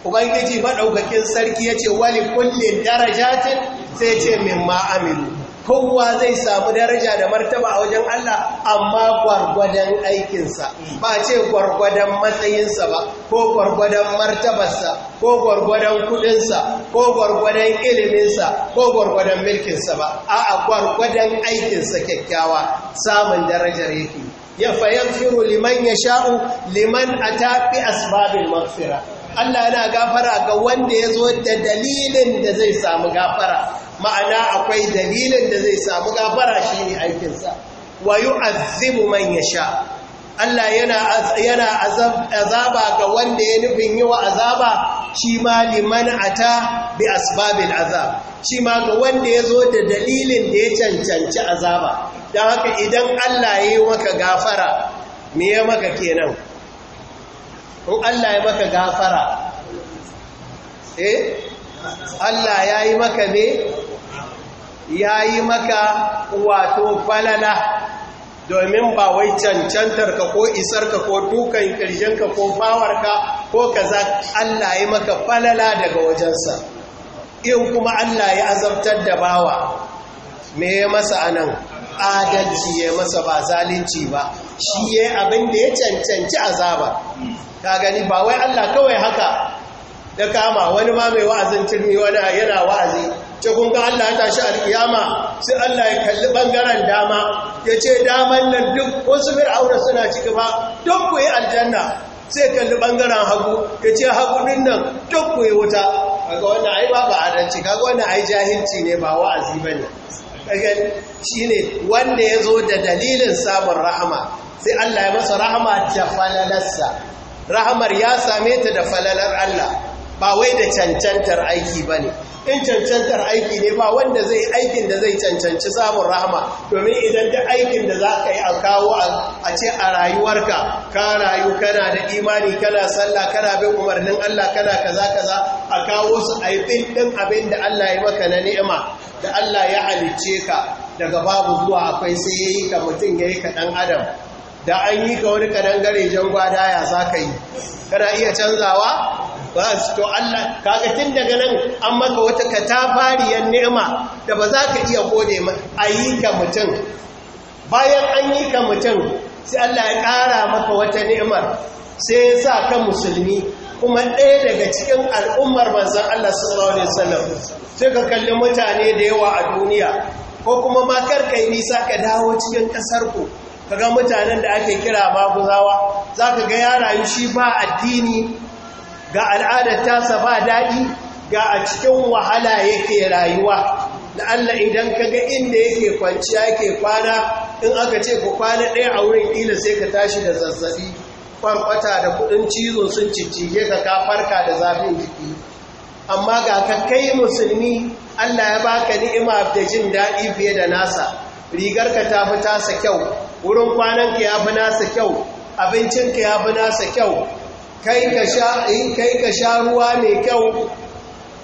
ubangiji maɗaukakin sarki ya ce wali kulli darajatin sai ya ce mimma amilu kowa zai samu daraja da martaba a wajen Allah amma gwargwadon aikinsa ba ce gwargwadon matsayinsa ba ko gwargwadon martabarsa ko gwargwadon kudinsa ko gwargwadon iliminsa ko gwargwadon milkinsa ba a gwargwadon aikinsa kyakkyawa samun darajar yake ya fayanfiru liman ya sha'u liman a tafi asbabin magfira Allah yana gafara ga wanda ya zo da dalilin da zai samu gafara ma'ana akwai dalilin da zai samu gafara shi ne aikinsa wa yu'azzibu man sha. Allah yana azaba ga wanda ya nufin yi wa azaba shi ma liman ta bi asibabin azab shi ma ga wanda ya zo da dalilin da ya cancanci azaba don haka idan Allah ya yi maka gafara me ya maka kenan in Allah ya maka gafara eh Allah ya yi maka ne ya yi maka wato falala domin ba wai cancantarka ko isarka ko dukan ƙirjinka ko bawarka ko kaza Allah ya maka falala daga wajensa in kuma Allah ya azabtar da bawa me ya masa anan adalci ya masa ba zalunci ba shi ya abin da ya cancanci azaba ka gani ba wai Allah kawai haka da kama wani ma mai wa'azin turmi wani yana wa'azi ce kun ga Allah ya tashi alkiyama sai Allah ya kalli bangaren dama ya ce daman nan duk wasu fir'auna suna ciki ba duk ku yi aljanna sai kalli bangaren hagu ya ce hagu din nan duk ku yi wuta kaga wannan ai ba ba adalci kaga wannan ai jahilci ne ba wa'azi bane kaga shine wanda ya zo da dalilin sabon rahama sai Allah ya masa rahama ta falalarsa rahamar ya same ta da falalar Allah ba wai da cancantar aiki ba ne in cancantar aiki ne ba wanda zai aikin da zai cancanci samun rahama domin idan ta aikin da za ka yi a kawo a ce a rayuwarka ka rayu kana da imani kana sallah kana bin umarnin Allah kana kaza kaza a kawo su a yi ɗin abin da Allah ya maka na ni'ima da Allah ya halicce ka daga babu zuwa akwai sai ya yi ka mutum ya yi ka ɗan adam da an yi ka wani kanan gare jan gwada ya za ka yi kana iya canzawa bas to Allah kaga tun daga nan an maka wata katafariyar ni'ima da ba za ka iya gode a yi ka mutum bayan an yi ka mutum sai Allah ya ƙara maka wata ni'imar sai ya sa ka musulmi kuma ɗaya daga cikin al'ummar manzan Allah sallallahu Alaihi wasallam sai ka kalli mutane da yawa a duniya ko kuma ma makar kai nisa ka dawo cikin kasar ku kaga mutanen da ake kira babu za ka ga ya rayu shi ba addini ga al'adar tasa ba daɗi ga a cikin wahala yake rayuwa Allah idan ka ga inda yake kwanciya yake kwana in aka ce ku kwana ɗaya a wurin ƙila sai ka tashi da zazzabi farfata da kuɗin cizo sun cicije ka kafarka da zafin jiki amma ga ka musulmi allah ya baka ni'ima da jin daɗi fiye da nasa rigarka ta fi tasa kyau wurin kwananka ya fi nasa kyau abincinka ya fi nasa kyau kai ka sha ka sha ruwa mai kyau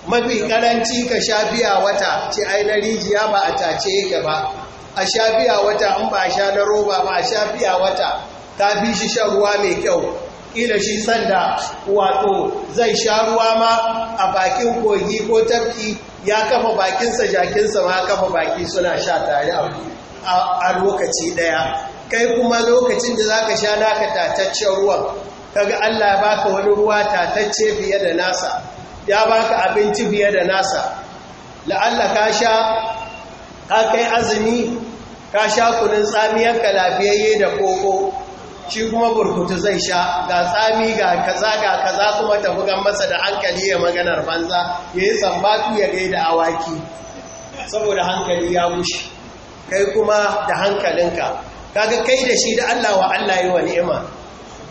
mafi karanci ka sha biya wata ce ai na rijiya ba a tace yake ba a sha biya wata in ba a sha na roba ba a sha biya wata ta bi shi shan ruwa mai kyau kila shi sanda wato zai sha ruwa ma a bakin kogi ko tafki ya kafa bakinsa jakinsa ma kafa baki suna sha tare a lokaci daya kai kuma lokacin da za ka sha naka tataccen ruwan kaga Allah ya baka wani ruwa tatacce fiye da nasa ya baka abinci fiye da nasa la'alla ka sha ka kai azumi ka sha kunin ka lafiyayye da koko shi kuma burkutu zai sha ga tsami ga kaza ga kaza kuma buga masa da hankali ya maganar banza ya yi sambatu ya gai da awaki saboda hankali ya wuce kai kuma da hankalinka kaga kai da shi da Allah wa Allah yi wa ni'ima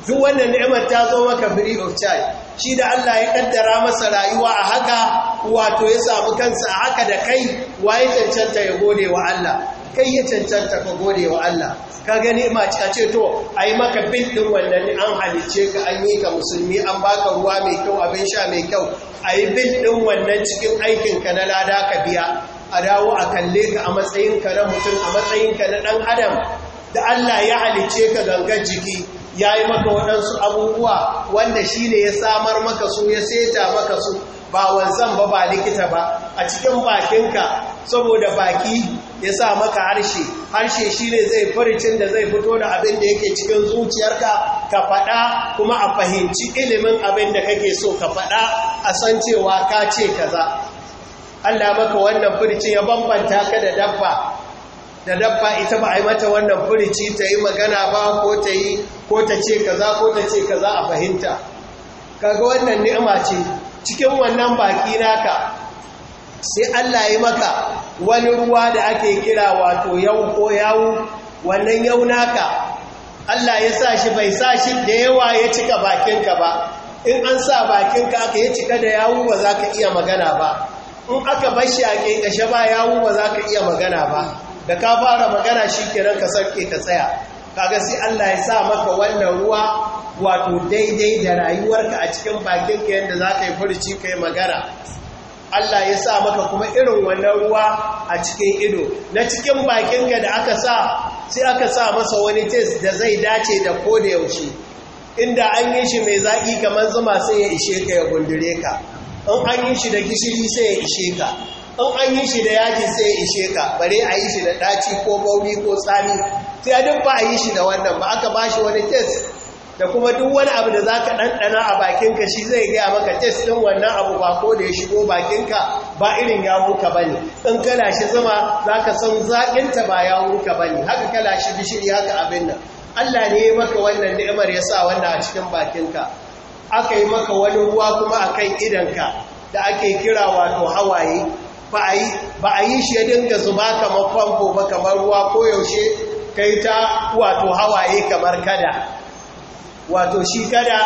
duk wannan ni'imar ta zo maka free of charge shi da Allah ya kaddara masa rayuwa a haka wato ya samu kansa a haka da kai waye cancanta ya gode wa Allah kai ya cancanta ka gode wa Allah ka gani ce a ce to ai maka bil din wannan an halice ka an yi ka musulmi an baka ruwa mai kyau abin sha mai kyau ai bil din wannan cikin aikin ka na lada ka biya a dawo a kalle ka a matsayin ka na mutum a matsayin ka na dan adam da Allah ya halice ka gangan jiki ya yi maka waɗansu abubuwa wanda shi ne ya samar maka su ya seta maka su ba wanzan ba ba likita ba a cikin bakinka saboda baki ya sa maka harshe harshe shi ne zai furicin da zai fito da abin da yake cikin zuciyarka ka faɗa kuma a fahimci ilimin abin da kake so ka faɗa a san cewa ka ce kaza Allah maka wannan furicin ya bambanta ka da dabba da dabba ita ba a yi mata wannan furici ta yi magana ba ko ta yi ko ta ce kaza ko ta ce kaza a fahimta kaga wannan ni'ima ce cikin wannan baki naka sai Allah ya maka wani ruwa da ake kira wato yau ko yawu wannan yau naka Allah ya sa shi bai sa shi da yawa ya cika bakinka ba in an sa bakinka aka ya cika da yawu ba za ka iya magana ba in aka bashi a ƙeƙashe ba yawu ba za ka iya magana ba da ka fara magana shi kenan ka sarke ka tsaya kaga sai Allah ya sa maka wannan ruwa wato daidai da rayuwarka a cikin bakinka yanda za ka yi furici ka yi magana Allah ya sa maka kuma irin wannan ruwa a cikin ido na cikin bakinka da aka sa sai aka sa masa wani test da zai dace da ko da yaushe inda an yi shi mai zaƙi kamar zuma sai ya ishe ka ya gundure ka in an yi shi da gishiri sai ya ishe ka in an yi shi da yaji sai ishe ka bare a yi shi da ɗaci ko bauri ko tsami sai duk ba a yi shi da wannan ba aka ba shi wani test da kuma duk wani abu da za ka ɗanɗana a bakinka shi zai gaya maka test ɗin wannan abu ba ko da ya shigo bakinka ba irin wuka ba ne in kala shi zama za ka san zaƙinta ba wuka ba ne haka kala shi bishiri haka abin nan allah ne ya maka wannan ni'imar ya sa wannan a cikin bakinka aka yi maka wani ruwa kuma a kan ka da ake kira wato hawaye ba a yi shi ya dinga zuba kamar famfo ba kamar ruwa ko yaushe kai ta wato hawaye kamar kada wato shi kada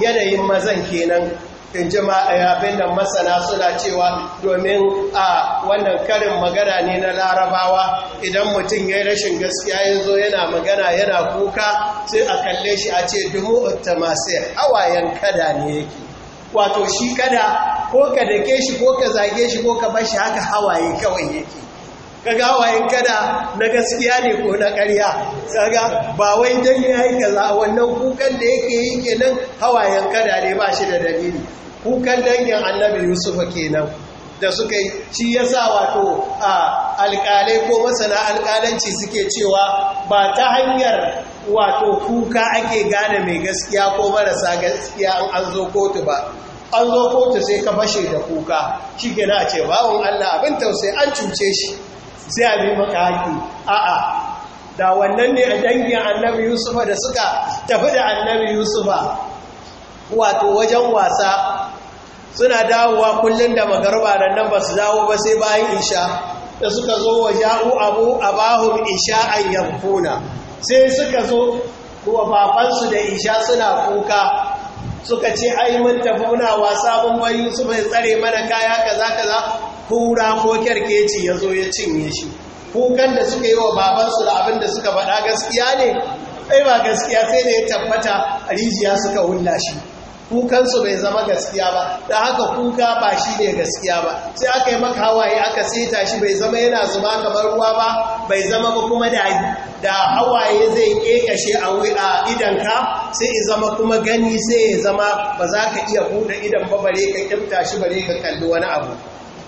yanayin mazan kenan in ji eh, abin da masana suna cewa domin a wannan karin magana ne na larabawa idan mutum ya yi rashin gaskiya ya zo yana magana yana kuka sai a kalle shi a ce dumu uttamasi hawayen kada ne yake wato shi kada ko ka dake shi ko ka zage shi ko ka bashi haka hawaye kawai yake kaga hawayen kada na gaskiya ne ko na ƙarya kaga ba wai dan yi kaza wannan kukan da yake yi kenan hawayen kada ne ba shi da dalili kukan dangin annabi yusuf kenan da suka yi shi ya sa wato a alƙalai ko masana alƙalanci suke cewa ba ta hanyar wato kuka ake gane mai gaskiya ko marasa gaskiya an zo kotu ba an zo kotu sai ka bashe da kuka shi gina ce bawon Allah abin tausayi an cuce shi sai a maka haƙi a'a da wannan ne a dangin annabi yusufa da suka tafi da annabi yusufa wato wajen wasa suna dawowa kullum da magarba da nan ba su dawo ba sai bayan isha da suka zo wa ja'u abu a bahun isha a yankuna sai suka zo wa babansu da isha suna kuka suka ce ai mun tafi muna wasa mun bai Yusuf ya tsare mana kaya kaza kaza kura ko kerkeci ya zo ya cinye shi kukan da suka yi wa babansu da abin da suka faɗa gaskiya ne ai ba gaskiya sai da ya tabbata rijiya suka hulla shi kukansu bai zama gaskiya ba da haka kuka ba shi ne gaskiya ba sai aka yi maka hawaye aka seta shi bai zama yana zuma kamar ruwa ba bai zama ba kuma da hawaye zai kekashe a idanka sai ya zama kuma gani sai ya zama ba za ka iya buɗe idan ba bare ka kimta shi bare ka kalli wani abu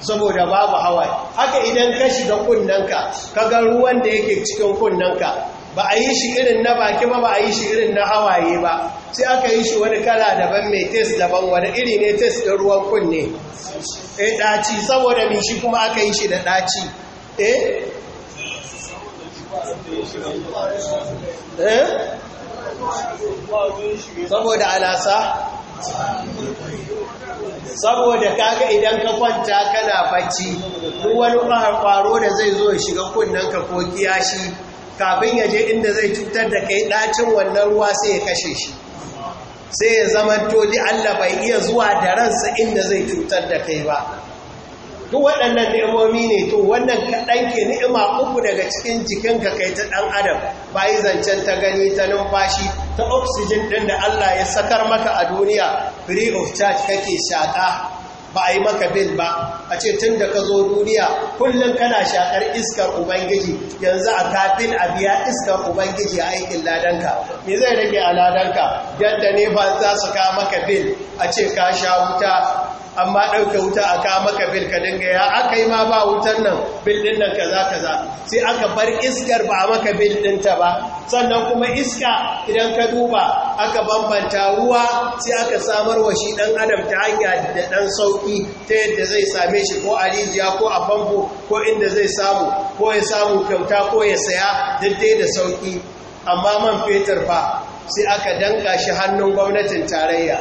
saboda babu hawaye haka idan ka shiga kunnanka ka ga ruwan da yake cikin kunnanka ba a yi shi irin na baki ba ba a yi shi irin na hawaye ba sai aka yi shi wani kala daban mai test daban wani iri ne test da ruwan kunne eh daci saboda min shi kuma aka yi shi da daci eh eh saboda alasa saboda kaga idan ka kwanta kana bacci duk wani kwaro da zai zo ya shiga kunnanka ko kiyashi kafin ya je inda zai cutar da kai dacin wannan ruwa sai ya kashe shi sai ya zama toli Allah bai iya zuwa da ransa inda zai cutar da kai ba duk waɗannan ni'imomi ne to wannan kaɗan ke ni'ima uku daga cikin jikinka kai ta ɗan adam bayi zancen ta gani ta numfashi ta oxygen ɗin da Allah ya sakar maka a duniya free of charge kake shaƙa ba a yi maka bil ba a ce tun da ka zo duniya kullum kana shakar iskar ubangiji yanzu a kafin a biya iskar ubangiji a aikin ladanka me zai rage a ladanka yadda ne ba za su kama maka bil a ce ka sha wuta amma ɗauke wuta a ka maka bil ka dinga ya aka yi ma ba wutan nan bil ɗin nan kaza kaza sai aka bar iskar ba maka bil ta ba sannan kuma iska idan ka duba aka bambanta ruwa sai aka samar wa shi ɗan adam ta hanya da ɗan sauƙi ta yadda zai same shi ko a rijiya ko a famfo ko inda zai samu ko ya samu kyauta ko ya saya daidai da sauƙi amma man fetur fa sai aka danka shi hannun gwamnatin tarayya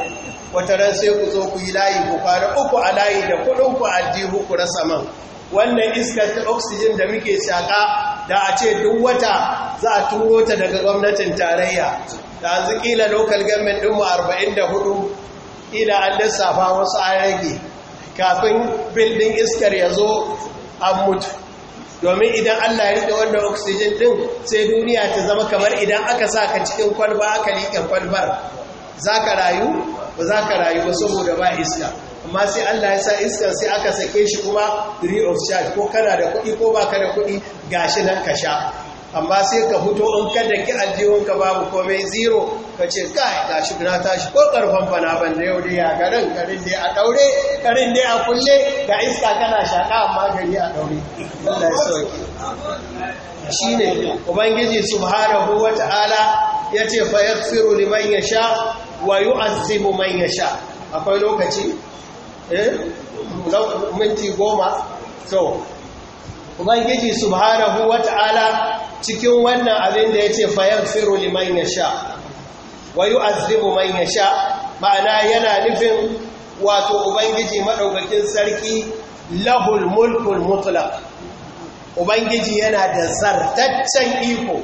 wata ran sai ku zo ku yi layi ku fara uku a layi da kuɗin ku aljihu ku rasa man wannan iskar ta oxygen da muke shaƙa da a ce duk wata za a turo ta daga gwamnatin tarayya da an kila local government ɗinmu 44 ila an lissafa wasu an rage kafin bildin iskar ya zo an mutu domin idan allah ya riƙe wannan oxygen ɗin sai duniya ta zama kamar idan aka sa ka cikin kwalba aka liƙe kwalbar za ka rayu ba za ka rayu ba saboda ba iska amma sai Allah ya sa iska sai aka sake shi kuma free of charge ko kana da kuɗi ko ba ka da kuɗi gashi nan ka sha amma sai ka fito in ka daki ka babu komai zero ka ce kai gashi na tashi ko karfan fana ban da yau ya garin garin dai a daure garin dai a kulle ga iska kana shaka amma gari a daure Allah ya sauke shine ubangiji subhanahu wata'ala yace fa yaghfiru liman sha. wa yu'azzibu man yasha akwai lokaci eh minti goma so ubangiji subhanahu wata'ala cikin wannan abin da yace fa yaghfiru liman yasha wa yu'azzibu man yasha ma'ana yana nufin wato ubangiji madaukakin sarki lahul mulkul mutlaq ubangiji yana da zartaccen iko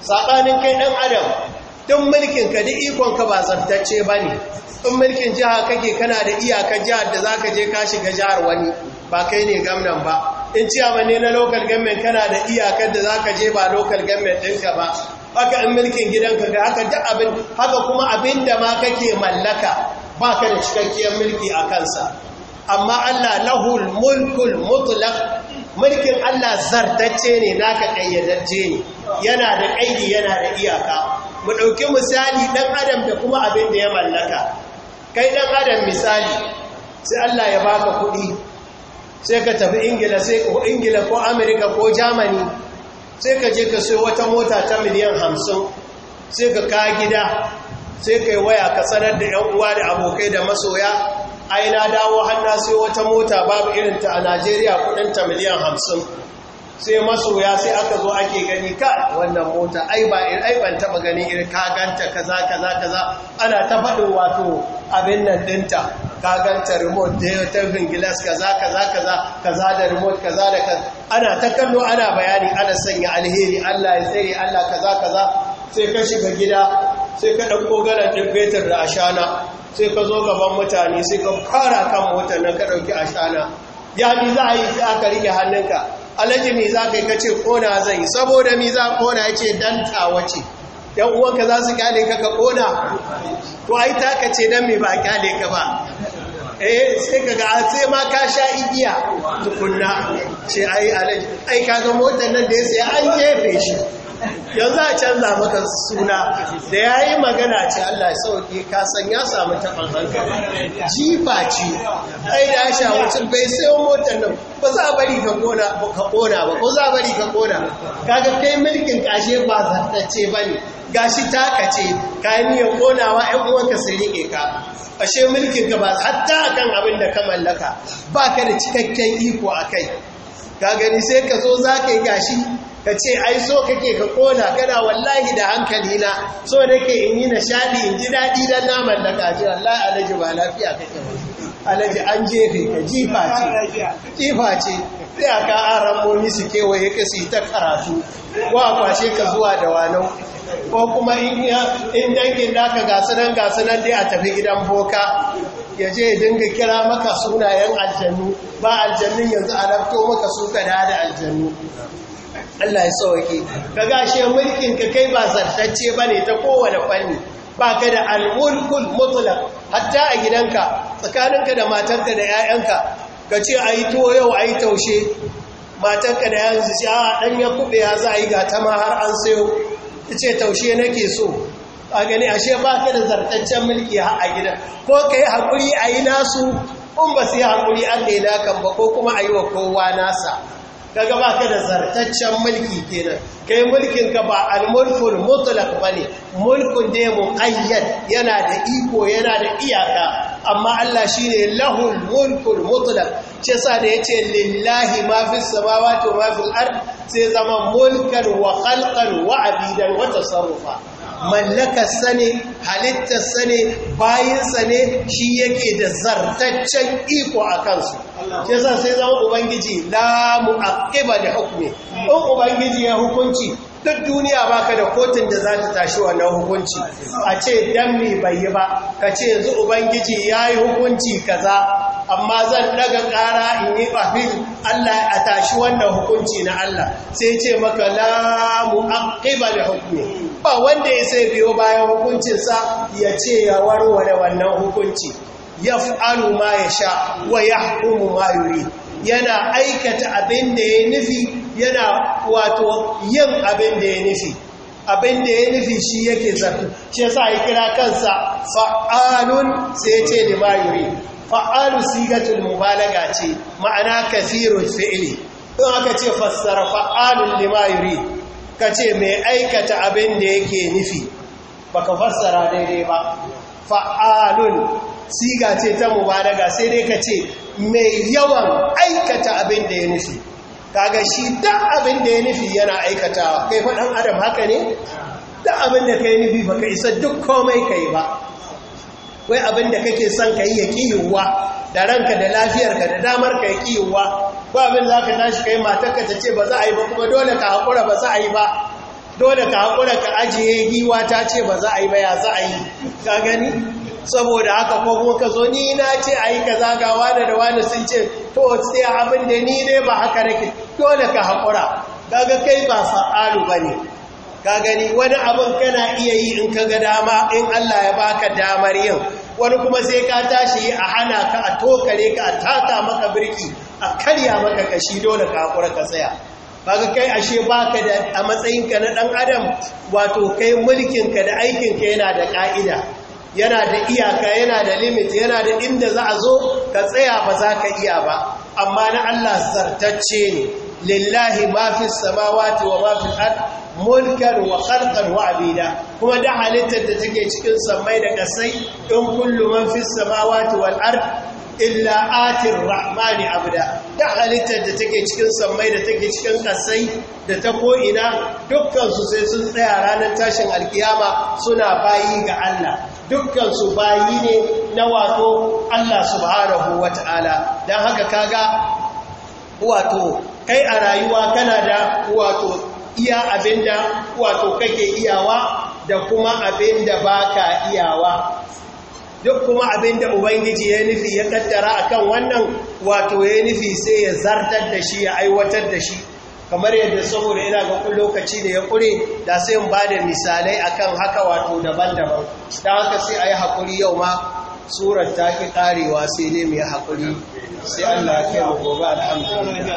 saɓanin kai ɗan adam don mulkin ka da ikon ka ba zartacce ba ne don mulkin jiha kake kana da iyakar jihar da za ka je ka shiga jihar wani ba kai ne gamnan ba in ciyaman ne na local government kana da iyakar da za ka je ba local government ɗinka ba haka in mulkin gidanka ga haka duk abin haka kuma abin da ma kake mallaka ba ka da cikakkiyar mulki a kansa amma Allah lahul mulkul mutlaq mulkin Allah zartacce ne naka kayyadacce ne yana da kaidi yana da iyaka mu ɗauki misali ɗan adam da kuma abin da ya mallaka kai ɗan adam misali sai Allah ya baka kuɗi sai ka tafi ingila sai ko ingila ko amerika ko germany sai ka je ka sai wata mota ta miliyan hamsin sai ka ka gida sai ka waya ka sanar da yan uwa da abokai da masoya aina dawo hannu sai wata mota babu irinta a najeriya ta miliyan hamsin sai masoya sai aka zo ake gani ka wannan mota ai ba ai ban taba gani irin ka ganta kaza kaza kaza ana ta faɗin wato abin nan dinta ka ganta remote da ta glass kaza kaza kaza kaza da remote kaza da kaza ana ta kallo ana bayani ana sanya alheri Allah ya tsare Allah kaza kaza sai ka shiga gida sai ka ɗauko garan fetur da ashana sai ka zo gaban mutane sai ka fara kan motar nan ka ɗauki ashana ya bi za a yi sai aka rike hannunka alhaji me za ka yi ka ce zai saboda me za kona ya ce dan tawa ce ‘yan uwanka za su kyale ka ka kona to ai taka ce dan me ba kyale ka ba eh sai ka ga sai ma ka sha igiya tukunna ce ai alhaji ai ka ga motar nan da ya sai an jefe shi yanzu a canza maka suna da ya yi magana ce Allah sauƙi kasan ya samu taɓar hankali jifa ce ai da ya sha mutum bai sayo motar nan ba za a bari ka ƙona ba ko za a bari ka ƙona kaga kai mulkin kashe ba zartacce ba ne Ga gashi ka ce kayan miyan ƙonawa ‘yan uwanka sun riƙe ka ashe mulkin ka ba hatta akan abin da ka mallaka ba ka da cikakken iko a kai ka gani sai ka zo za ka yi gashi ka ce ai so kake ka kona kada wallahi da hankali na so nake in yi nishadi in ji daɗi dan naman da kaji wallahi alaji ba lafiya kake ba alaji an jefe ka jifa ce jifa ce sai aka aramomi su kewaye ka su yi ta karatu ko kwashe ka zuwa da wanau ko kuma in dangin naka gasu nan gasu nan dai a tafi gidan boka ya je ya dinga kira maka sunayen aljannu ba aljannun yanzu a lafto maka su ka da aljannu Allah ya sauke ka gashe mulkin ka kai ba zartacce ne ta kowane fanni ba ka da mulkul mutlaq hatta a gidanka tsakaninka da matarka da 'ya'yanka ka ce a yi tuwo yau a yi taushe matarka da yanzu ce a dan ya kube ya za a yi ta ma har an sayo ta taushe nake so a gani ashe ba ka da zartaccen mulki a gidan ko ka yi haƙuri nasu Kun ba su yi an da ya dakan ba ko kuma ayi wa kowa nasa Ka gaba ka da zartaccen mulki kenan kai mulkin ka ba al-mulkul mutlaq bane mulkun da muqayyad yana da iko yana da iyaka amma Allah shine lahul mulkul mutlaq ce sa da yace lillahi ma fis samawati wa ma ard sai zama mulkan wa khalqan wa abidan wa tasarrufa mallakarsa ne halittarsa ne bayinsa ne shi yake da zartaccen iko a kansu ce yasa sai zama ubangiji la akiba da hukmi in ubangiji ya hukunci duk duniya baka da kotun da za ta tashi wannan hukunci a ce dan bai yi ba ka ce yanzu ubangiji yi hukunci kaza amma zan daga ƙara in yi fahil Allah a tashi wannan hukunci na Allah sai ce maka la akiba da hukmi ba wanda ya sai biyo bayan hukuncinsa ya ce ya warware wannan hukunci yaf'alu ma yasha wa yahkumu ma yurid yana aikata abin da ya nufi yana wato yin abin da ya nufi abin da ya nufi shi yake zafi shi yasa ya kira kansa fa'alun sai ya ce limayuri fa'alu sigatul mubalaga ce ma'ana kasirul fili don aka ce fassara fa'alun limayuri ka ce mai aikata abin da yake nufi baka fassara daidai ba fa'alun siga ce ta mubaraga sai dai ka ce mai yawan aikata abin da ya nufi kaga shi da abin da ya nufi yana aikatawa kai faɗan adam haka ne da abin da ka yi nufi ba ka isa duk komai ka yi ba wai abin da kake son ka yi ya ƙiyuwa da ranka da lafiyarka da damar ka ya ƙiyuwa ba abin za ka tashi ka yi matarka ta ce ba za a yi ba kuma dole ka haƙura ba za a yi ba dole ka haƙura ka ajiye giwa ta ce ba za a yi ba ya za a yi ka gani saboda haka ko kuma ka zo ni na ce a yi ka ga wada da wada sun ce to sai abin da ni ne ba haka rake. dole ka haƙura kaga kai ba sa'alu ba ne ka gani wani abin kana iya yi in ka ga dama in Allah ya baka damar yin wani kuma sai ka tashi yi a hana ka a tokare ka a taka maka birki a karya maka kashi dole ka haƙura ka tsaya baka kai ashe baka da a matsayinka na ɗan adam wato kai mulkinka da aikinka yana da ƙa'ida yana da iyaka yana da limit yana da inda za a zo ka tsaya ba za ka iya ba amma na Allah sartacce ne lillahi ma fi samawati wa ma fi al mulkan wa khalqan wa abida kuma da halittar da take cikin samai da kasai in kullu man fi samawati wal ard illa atir rahmani abda da halittar da take cikin samai da take cikin kasai da ta ko'ina su sai sun tsaya ranar tashin alkiyama suna bayi ga Allah Dukkansu su bayi ne na wato Allah subhanahu wata'ala dan haka kaga wato kai a rayuwa kana da wato iya abinda wato kake iyawa da kuma abinda baka iyawa duk kuma abinda ubangiji ya nufi ya kaddara akan wannan wato ya nufi sai ya zartar da shi ya aiwatar da shi kamar yadda saboda ina ga kun lokaci da ya kure da sai in ba da misalai akan haka wato daban-daban da haka sai a yi haƙuri yau ma surar ta ƙi ƙarewa sai dai mai haƙuri sai allah kai mu gobe alhamdulillah